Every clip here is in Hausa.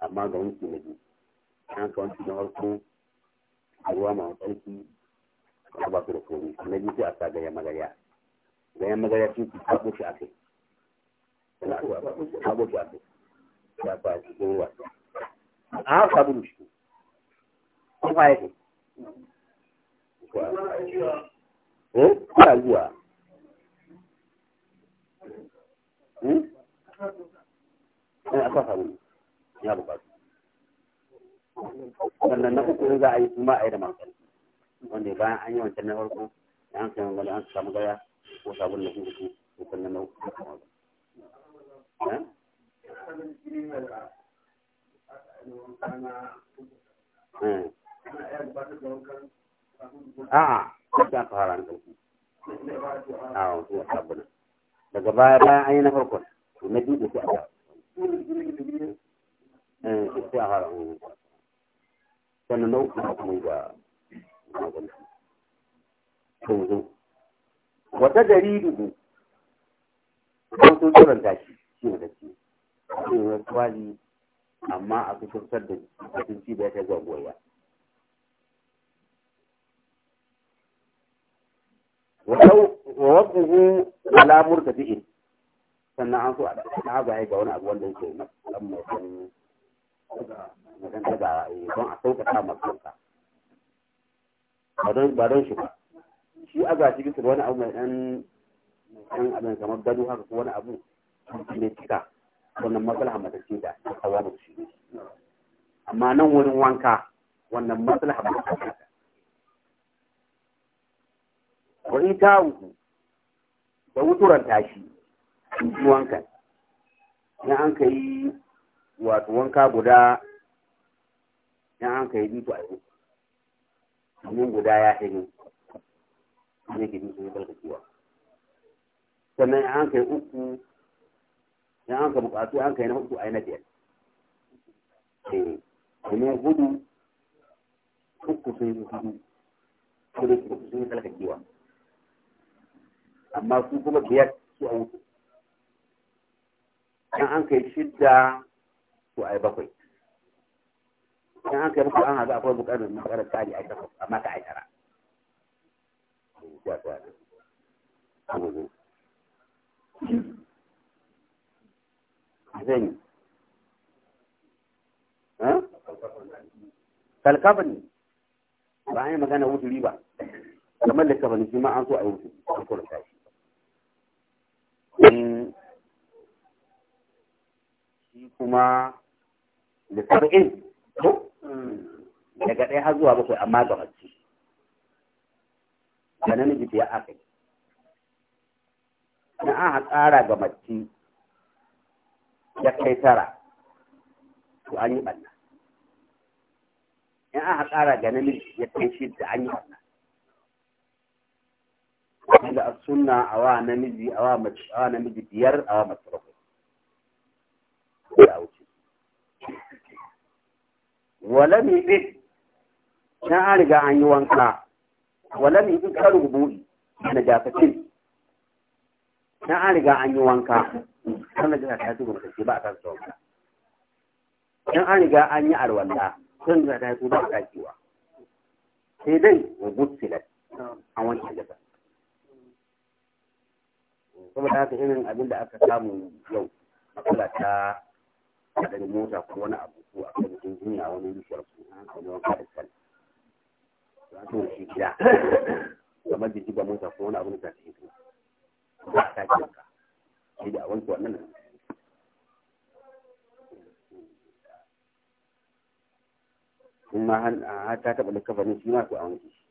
amma ga wanki na biyu an ka wanki na farko a ruwa ma tsarki a ba su da komi na biyu sai a sa ganyen magarya ganyen magarya sun ci haɓo shi a kai haɓo shi a kai ya sa cikin ruwa a haka sabulu shi ko fa yake ko kuna eh? zuwa hmm? eh a sa sabulu ya bukatu sannan na uku za a yi kuma a yi da wanda bayan an yi wancan na farko da an an samu gaya ko sabon na hukuku ko na uku eh? Eh. da kuma a'a ko fara an sabon daga baya bayan an yi na farko to na biyu da su a Eh, wata gari dubu kan sun tsoron tashi shi ne da shi shi ne wani amma a su tuntar da jikin ci da ya ta zuwa goya wadda alamur da fi'in sannan an so a ɗaya na haga haika wani abu wanda yake na mai sanyi wajen tagawa eh, don a sauƙaƙa ma ba don shi ba shi a gashi bisa wani abu mai ɗan ɗan abin kamar gado haka ko wani abu mai cika wannan matsala matacce da ta kawo da shi amma nan wurin wanka wannan matsala ce da wa ita da wuturan tashi wankan in an ka yi wato wanka guda in an kai yi bitu a yi domin guda ya hanyu ne ke bitu ya balgacewa sannan in an kai uku in an kai bukatu an kai na uku a yi na biyar eh, domin gudu uku sun yi hudu kudu uku sun yi kiwa amma su kuma biyar su a wuce in an kai yi shidda ko ai bakwai in an kai muku an haza akwai bukatar bukatar tsari a takwas amma ta ai tara zan kalkafa ne ba an yi magana wuturi riba, kamar da kafa ne shi ma an so a yi wuturi an kura tashi shi kuma da saba'in daga ɗaya har zuwa bakwai amma ga mace da namiji biya aka yi na an tsara ga mace ya kai tara to an yi ɓanna in an tsara ga namiji ya kai shidda an yi ɓanna wanda a sunna a wa namiji a wa namiji biyar a wa mace ya wuce wala mi bi na an riga an yi wanka wala mi bi karu buɗi na jafafin, na an riga an yi wanka kan najasa ta tuba ta ba a kan sauka in an riga an yi alwala na da ta tuba a kiwa sai dai wa gutsilat an wanke gaba saboda haka irin abin da aka samu yau matsala ta a daga mota ko wani abu ko a kan injiniya wani bishiyar su an kan yawan kare kan za ta wuce gida da jiba mota ko wani abu da ta shi ba a shi da wanke wannan in ma har ta taɓa shi ma ko a wanke shi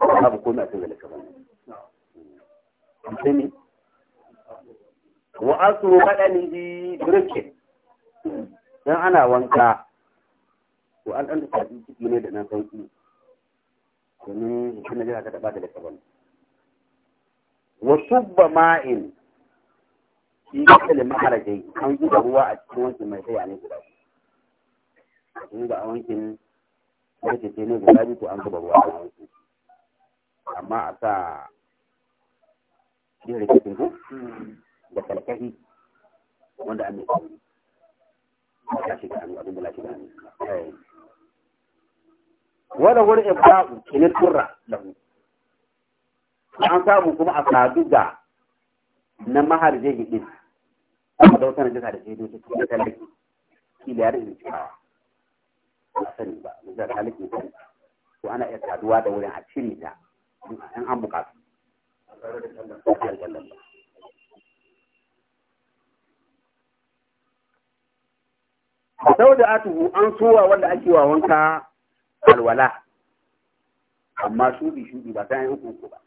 amma babu komai a kan Sai ne? wa badani bi birkin dan ana wanka to an dan da ciki ne da nan sauki kuma kana jira ka taba da kaban wa subba ma'in shi kalle maharajai an da ruwa a cikin wankin mai sai ne guda kun ga a wankin wacce ce ne guda biyu to an zuba ruwa a wankin amma a sa shi rikicin ku hmm. da kalkahi wanda an nufi ya da shiga hannu eh. wani ibra'u na turra lahu an samu kuma a sadu da na mahar zai din kuma da wata najasa da shaidu su cikin talaki kila ya rikin cikawa ba sani ba nazar talaki sani ko ana iya saduwa da wurin a cire ta an an bukatu ba sau da atuhu an suwa wanda ake wa wanka alwala amma shubi shubi ba ta yi hukunku ba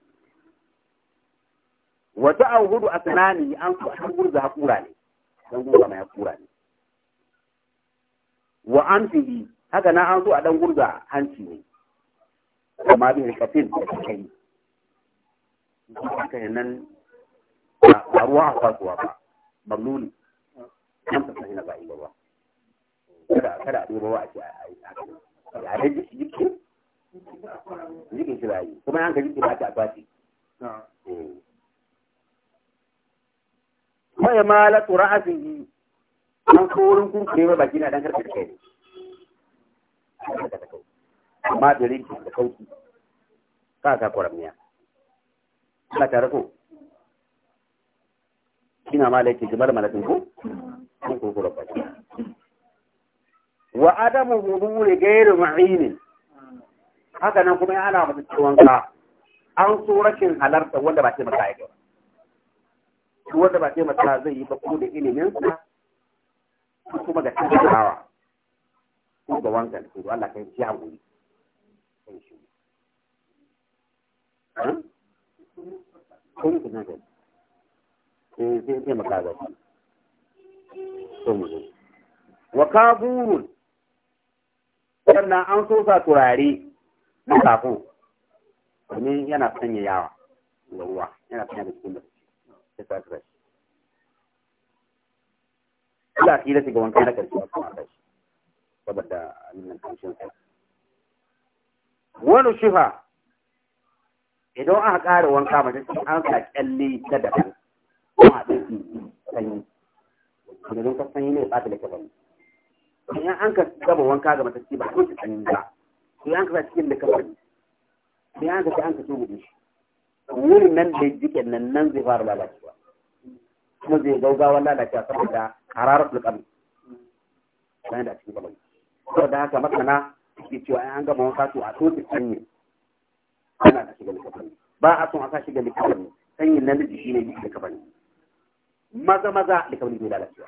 wata a hudu a tsanani an so an gurza haƙura ne don gurza mai haƙura ne wa an fihi haka na an su a dan gurza hanci ne amma bin rikafin da kai haka nan ba ruwa a kwasuwa ba mamnuni an fasa hina ba iya ba kada kada a ɗebo a ce a yi haka ya dai jikin jikin shi na yi kuma an ka jikin ba ta akwati mai mala tsura asin yi an korin kurkure ba baki na dan karkar kai ne amma da rinki da kauki ka ka kwaramiya ka tare ko kina mala yake jimar malakin ko kun kurkura baki wa adamu huduri gairu ma'inin haka nan kuma yana masu ciwon ka an so rashin halarta wanda ba ce maka ya gaba wanda ba ce maka zai yi bako da ilimin sa ko kuma ga tattarawa ko ga wanka da kuma Allah kai ji guri kai shi kun kuna da zai eh, sai maka ga ko mu wa kaburun sannan an so sa turare na sako domin yana sanya yawa ga ruwa yana sanya da cikin da ta sa turare Allah ki da shiga wankan na karshe a kuma shi saboda annan kanshin sa wani shifa idan aka ƙara wanka mace an sa kyalle ta daban kuma a ɗauki sanyi da ka sanyi ne ba ta da kyalle idan an ka gama wanka ga matacce ba ko tsanin ba sai an ka cikin da kafar sai an ka an ka so gudu shi wurin nan da jikin nan nan zai fara lalacewa kuma zai gaugawa lalacewa saboda hararar fulkan bayan da cikin balon saboda haka masana suke cewa an gama wanka to a so tsanin ana da shiga likafar ba a son a sa shiga likafar sanyin nan da jiki ne da kafar maza maza likafar zai lalacewa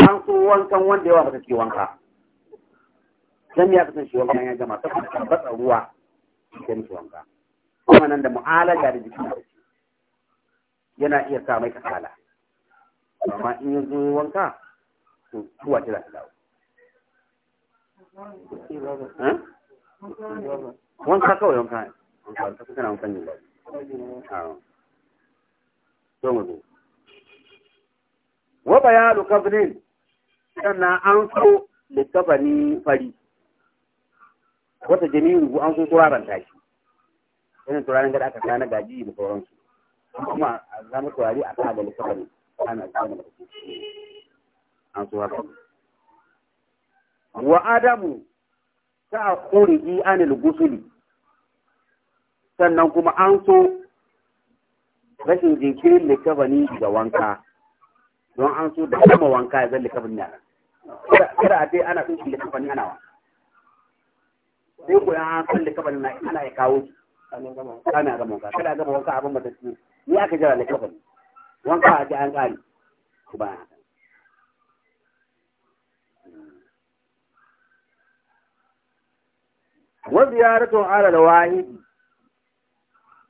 an so wankan wanda yawa ba ke wanka dan ya kasance shi wankan ya gama saboda tabbatar ruwa da mishi wanka kuma nan da mu'alaja da jikin yana iya sa mai kasala amma in ya zo wanka to kuwa ta za ta dawo wanka kawai wanka ne wanka ta na wankan yin babu to mu zo wa bayanu sannan an so likabani fari wata jami'in an so turaren tashi irin turaren gada aka kana gaji da sauransu kuma a zama turare a kada likabani ana tsana da an so haka wa adamu ta kuriji anil gusuli sannan kuma an so rashin jinkirin likabani da wanka don an so da kuma wanka ya zalle kafin yara kada a dai ana tsinci likafin ana wa sai ko an san likafin na ana ya kawo Kana gama wanka kada gama wanka abin ba ta ci ni aka jira likafin wanka a ce an kare ku ba wa ziyaratun ala da wahidi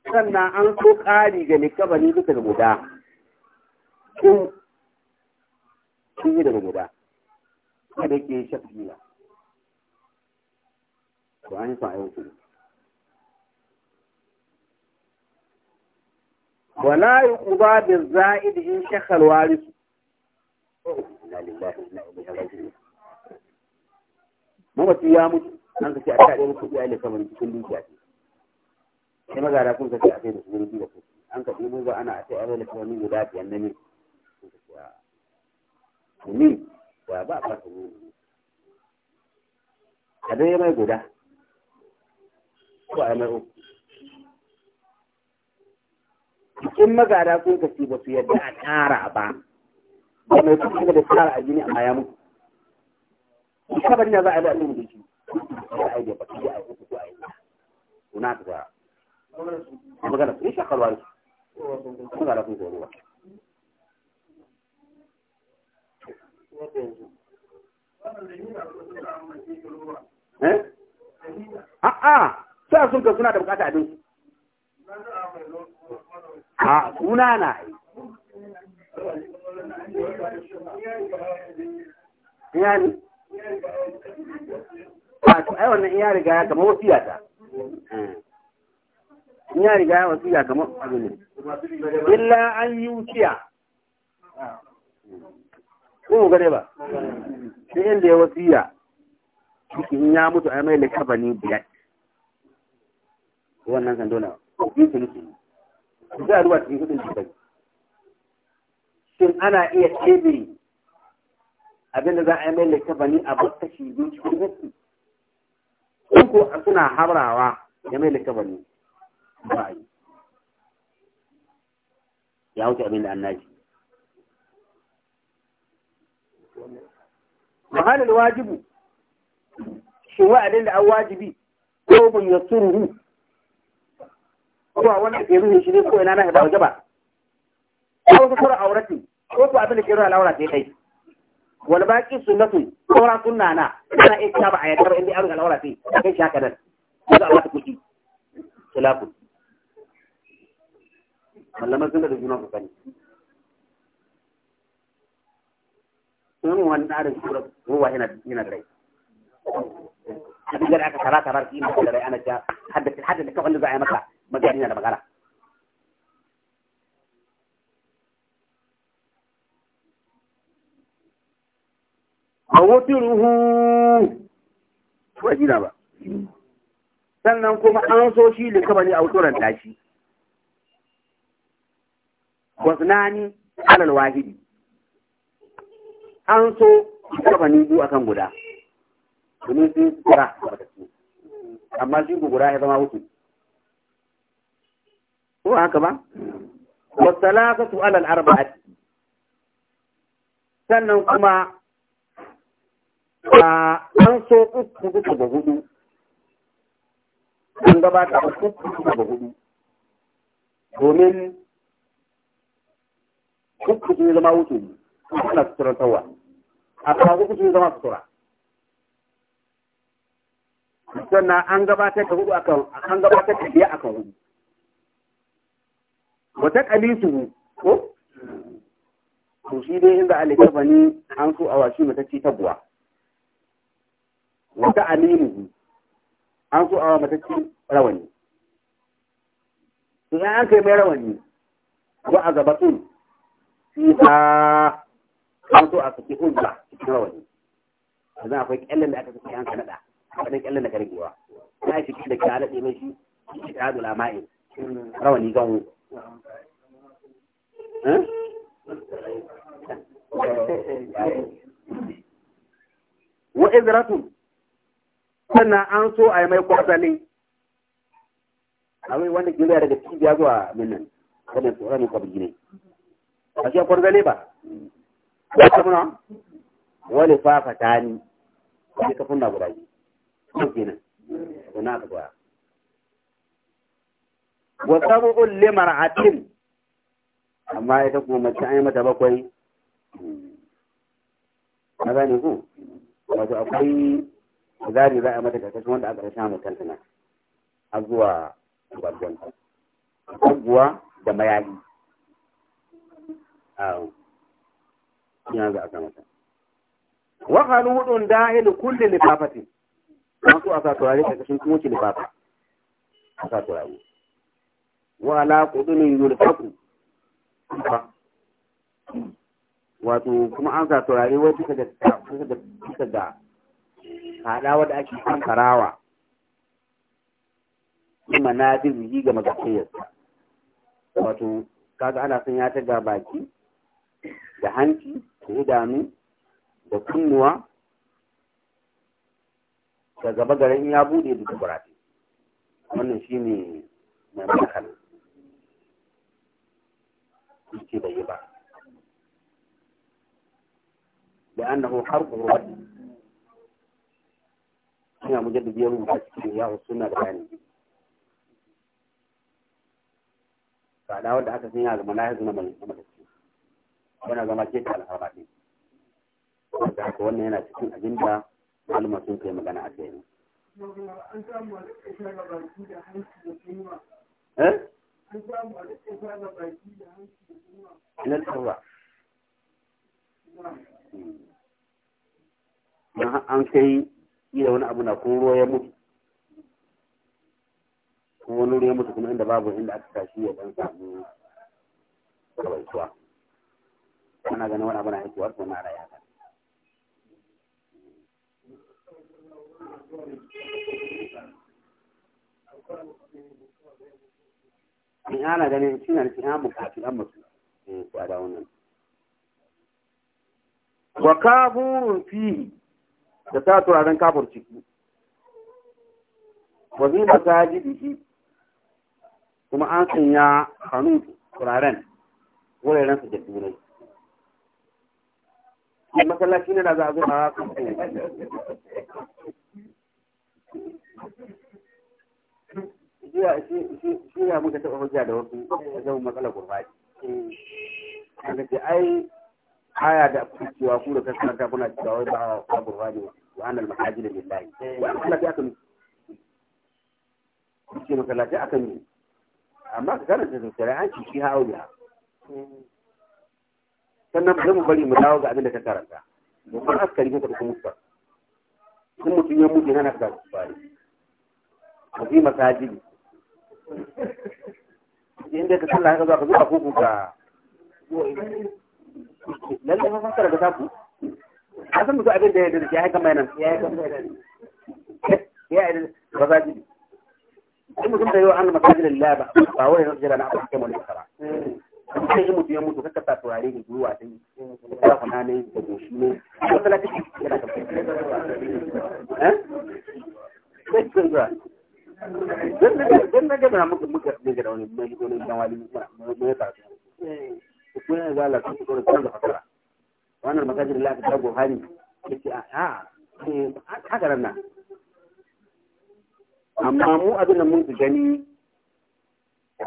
sannan an so ƙari ga likabani bisa da guda sun yi daga gida da ke shafiya to an sa yau kuma wala kuma da za'id in shakha al su mamaci ya mutu an kace a tare da ya ne kamar cikin dukiya ce sai magara kun kace a kai da su ne da su an kace mu ba ana a tare da kamar guda biyan ne ni wa ba ka tsoro a dai mai guda ko a mai uku cikin magada sun kaci ba su yadda a tara ba ba mai kuɗi da tara a jini amma ya mutu kabar ne za a yi ba ɗin da shi ya a yi da baki a yi kuku a yi da kuna ta ba magana sun shakarwa su magana sun koruwa Eh? A'a, sai sun ka suna da bukata abinci. A suna na. Iyali? A to ai wannan iya riga ya kama wasiya ta. Eh. Iya riga ya wasiya kama abin ne. Illa an yi wuciya. ko gane ba sai inda ya wasiya shi in ya mutu a mai likaba ne biyar wannan kan dole in su nufi su za a ruwa cikin kudin jikin shin ana iya tebe abinda za a yi mai likaba ne a bata shi biyu cikin gaske ko suna harawa ya mai likaba ne ba a yi ya wuce abinda an naji halin wajibu shi wa'adin da an wajibi ko bun ya suruhu ko a wanda ke ruhin shi ne ko ina na hada wajaba ko su kura aurati ko su abin da ke ruhin al'aura sai kai wal baki sunnatu kura sunna na ina in ta ba a yadda in dai an al'aura sai kai shi haka nan ko da Allah kuɗi khilafu mallama sunna da juna ku sani irin wani tsarin tura ruwa yana da rai a duk aka tara tara ki mai da rai ana ja haddace haddace kawai da za a yi maka magana yana da magana a wuturuhu ba gina ba sannan kuma an so shi ne a wuturan tashi wasnani alal wahidi an so gabani biyu akan guda domin sun kura amma shi guda ya zama wuce ko haka ba su alal arba'ati sannan kuma an so uku uku ga hudu an gabata uku uku ga hudu domin uku sun zama wuce ne ana suturantarwa a kawo uku zama sutura sannan an gabatar da hudu akan an gabatar da biya akan hudu wata kalisu ko to shi dai inda alikafa ni an so a washi mata ci tabuwa wata aminu an so a wa mata ci rawani to an kai mai rawani ko a gabatun fi an so a saki uzza cikin rawani zan akwai kyallen da aka saki an kanada akwai kyallen da ka ragewa ya yi shi da ke alaɗe mai shi shi ta dula ma'i rawani gan eh? wa izratu sannan an so a yi mai kwazali wai wanda ke daga cibiya zuwa minnan wannan tsoron kwabi gine a cikin kwazali ba ya kamuna wani fafa ta ni wani kafin na guda biyu ko kenan suna ka Wasu wa sabu'un a mar'atin amma ita kuma mace an yi mata bakwai na gane ku wato akwai zari za a mata kasu wanda aka rasha mutan tana na har zuwa gwargwanta kuwa da mayayi ya za a sa mata wa khaludun da'il kulli lifafatin masu a sa turare kashin kuma ki lifafa a sa turare wa ala qudunin yulfaqu wato kuma an sa turare wai bisa da bisa da bisa da hada wadda ake kankarawa na yi ga magaskiyarsa wato kaga ana son ya ta ga baki da hanci da idanu da kunnuwa da gaba garin ya bude duka kurafi wannan shi ne mai makana ce bai yi ba da annahu har ƙuruwa suna mujaddid ya da cikin ya suna da bayani da wanda aka sanya ga manahij na malik yana zama ke ta alfarma ɗin wanda haka wannan yana cikin abin da sun kai magana a kai ne. An samu baki da da Eh? An samu a da hanci da kuma. Ina An kai iya wani abu na ko ruwa ya mutu. Ko wani ruwa ya mutu kuma inda babu inda aka tashi ya dan samu kawaituwa. ana ganin wani abin na haihuwar ko na raya ka in ana ganin shi na shi mu bukatu an mutu eh, ko a da wannan wa kafurun fi da ta turaren kafur ciki wa zai masajidihi kuma an sanya hannu turaren wuraren su jaddu ne a masallaci ne na za a zo a zuwa shi ya muka taɓa hujja da wasu zama matsala gurbaci an nake ai haya da cewa ku da kasar ta kuna cewa wai ba ba gurbaci wa annal masajid lillahi wa masallaci akan ce masallaci akan amma ka karanta da shari'a an ci shi ha sannan ba mu bari mu dawo ga abin da ka karanta mutum askari ko kuma mutuwa kun mutum ya mutu yana da bari mu yi masajidi inda ka sallah ka zo ka zuwa koko ka lalle fa fasara da taku a san mutum abin da ya da ya yi kama nan ya yi kama nan ya yi masajidi in mutum da yau an masajidin laba ba wani rajula na abu kai mun kara sai in mutum ya mutu kaka sa turare da gwiwa ta yi kuna ne da goshi ne wata na ciki yana kafa eh sai zuwa dan na gaba muka muka ne ga wani mai gona dan wali mu ya tafi ko ne zala ko ko da fakara wannan makajir la ka dago hari yace a a eh, haka nan amma mu abin da mun gani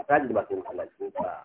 ta da ba sai masallaci ba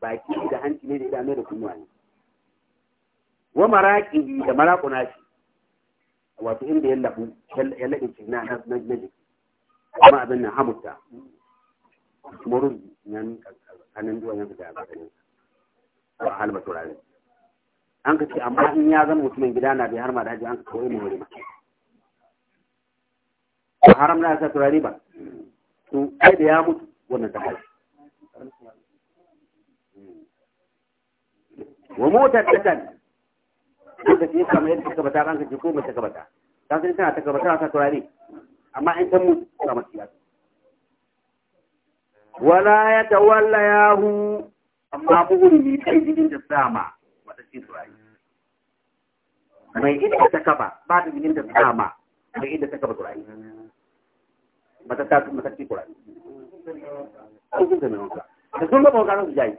baki da hanci ne da idanu da kunwa ne wa maraƙi da maraƙuna shi wato inda ya labu ya labe shi na na jiki kuma abin nan hamuta, kuma nan kanin duwan yanzu da abin a halba turare an ka ce amma in ya zama mutumin gida na bai har ma haji an ka kawai mai ba haram na ya sa turare ba to kai da ya mutu wannan ta haji wa motar takan wanda ke kama yadda ta bata ranka ce ko mace ka ta sun tana ta gabata ta turare amma in san mutu ga masu wala ya ya hu amma bugun ne kai jikin da sama wata ce turare mai inda ta kaba ba ta jikin da sama mai inda ta kaba turare mata ta mata ce turare ko kun zama wanka da sun gaba wanka su jayi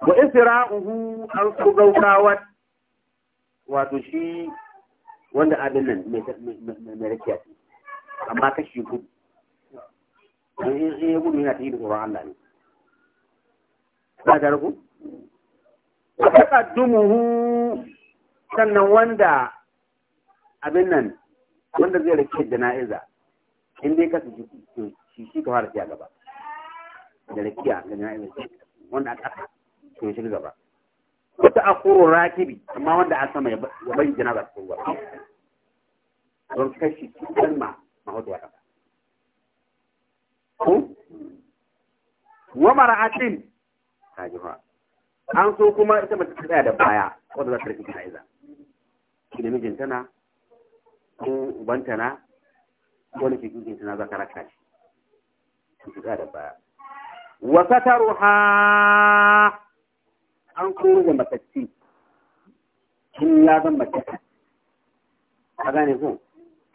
wa isra'uhu an ku wato shi wanda abin nan mai rakiya ce amma kashi gudu in ya gudu yana ta yi da tsoron Allah ne ba da ruku wa hu sannan wanda abin nan wanda zai rike jana'iza in dai ka shi shi ka fara tiya gaba da rakiya ga jana'iza wanda aka to shiga gaba wata akuru rakibi amma wanda a sama ya bari janaba su ruwa don kashi cikin ma mahudu wata ba ko wa mara'atin kajiwa an so kuma ita mace ta tsaya da baya wanda za ta rike ta iza shi da mijinta na ko ubanta na wani shi kikin tana za ka raka shi ki tsaya da baya wa sataruha an koro da matacci tun ya zan mace a gane ko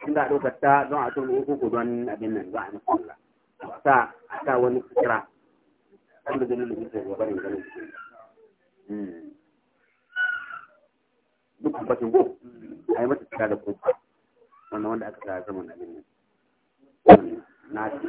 tun da a ɗaukar ta don a turbo uku ko don abin nan za a yi Allah a sa a sa wani kira an da zai da ya barin ganin hmm. su duk bakin ko a yi mata cika da kofa wannan wanda aka sa zaman abin nan na shi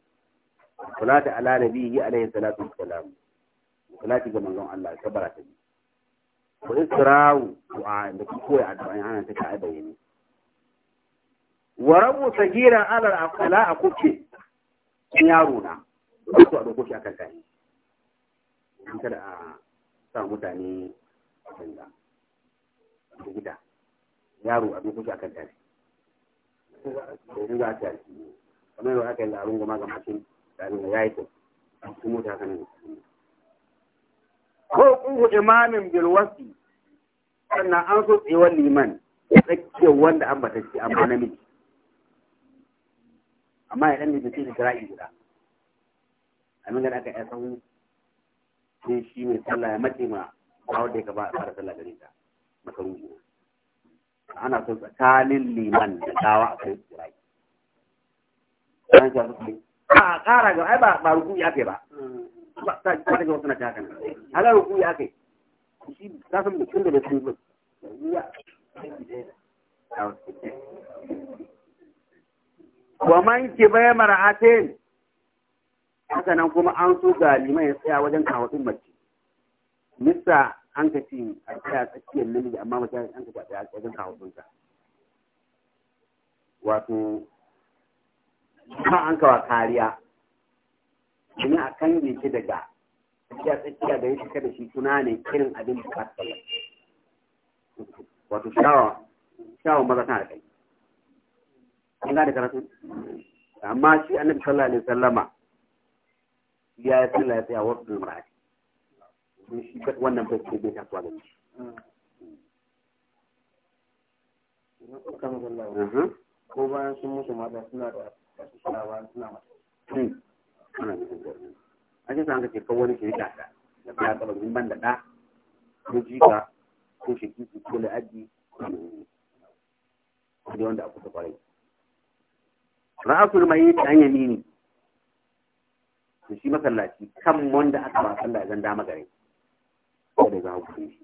salatu ala nabiyyi alayhi salatu wassalam salati ga manzon Allah kabara ta bi ko isra'u du'a da ku koyi addu'a ana ta kai bayani wa rabu ala al-aqla in yaro na ko a doko shi akan kai in kada a sa mutane a canza gida yaro a doko shi akan kai ko ga ta ci kamar yau aka yi larungu ma ga mashin kanin ya yi kuma ta kanin ko kuhu imamin bilwasi sannan an so tsewar liman ya tsakke wanda an bata ce amma namiji amma ya dan da ce da kira'i guda amin gada aka yi sahu sai shi mai sallah ya mace ma kawo da ya ba a fara sallah gare ta makaruhi ana so tsakanin liman da dawa a kai kira'i an shafi ba ƙara ga ai ba ba ruku ya ke ba ba ta ta ga wasu na ta haka ala ruku ya ke, shi ta san mutum da mutum ba wa man ke bai mar'atin haka nan kuma an so ga liman ya tsaya wajen kawatin mace nisa an ka ce a tsaya tsakiyar namiji amma mace an ka tsaya wajen kawatin sa wato kuma an kawa kariya domin a kan ne shi daga tsakiya tsakiya da ya shiga da shi suna ne kirin abin da ka tsaye wato shawa shawa maza tana da kai an gane karatu amma shi annabi sallallahu alaihi wasallama ya yi sallah ya tsaya wasu mar'ati shi wannan bai ce bai kasuwa da shi uh-huh. ko bayan sun mutu mata suna da an ce san ka ce wani shirika ta da ba ta babin ban da ɗa ko jika ko shirki ko la'aji da wanda a kusa kwarai ra'asul mai ta hanyar nini da shi masallaci kan wanda aka ba sallah zan dama gare ko da za ku shi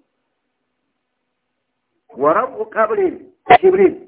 wa rabu kabrin jibril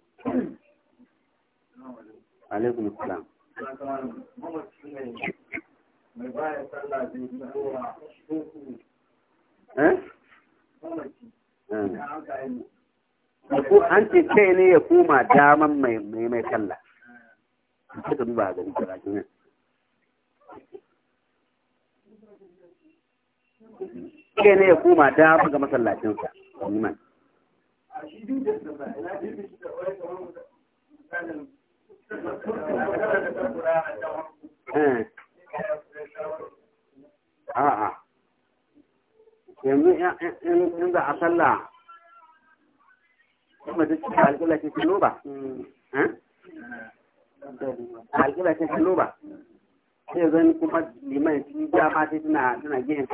alaikum salam eh? Eh. an ce kai ne ya koma daman mai mai sallah ta ka duba gari karatun nan kai ne ya koma daman ga masallacinsa Eh. a'a yanzu a sallah kuma ta cika eh? alƙila ce kallo ba alƙila ce sai zan kuma liman shi ja ma sai tana tana gehen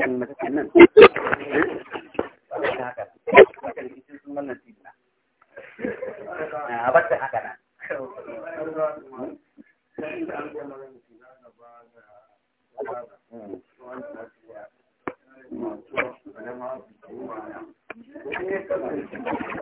cikin wannan sifila ah, a bar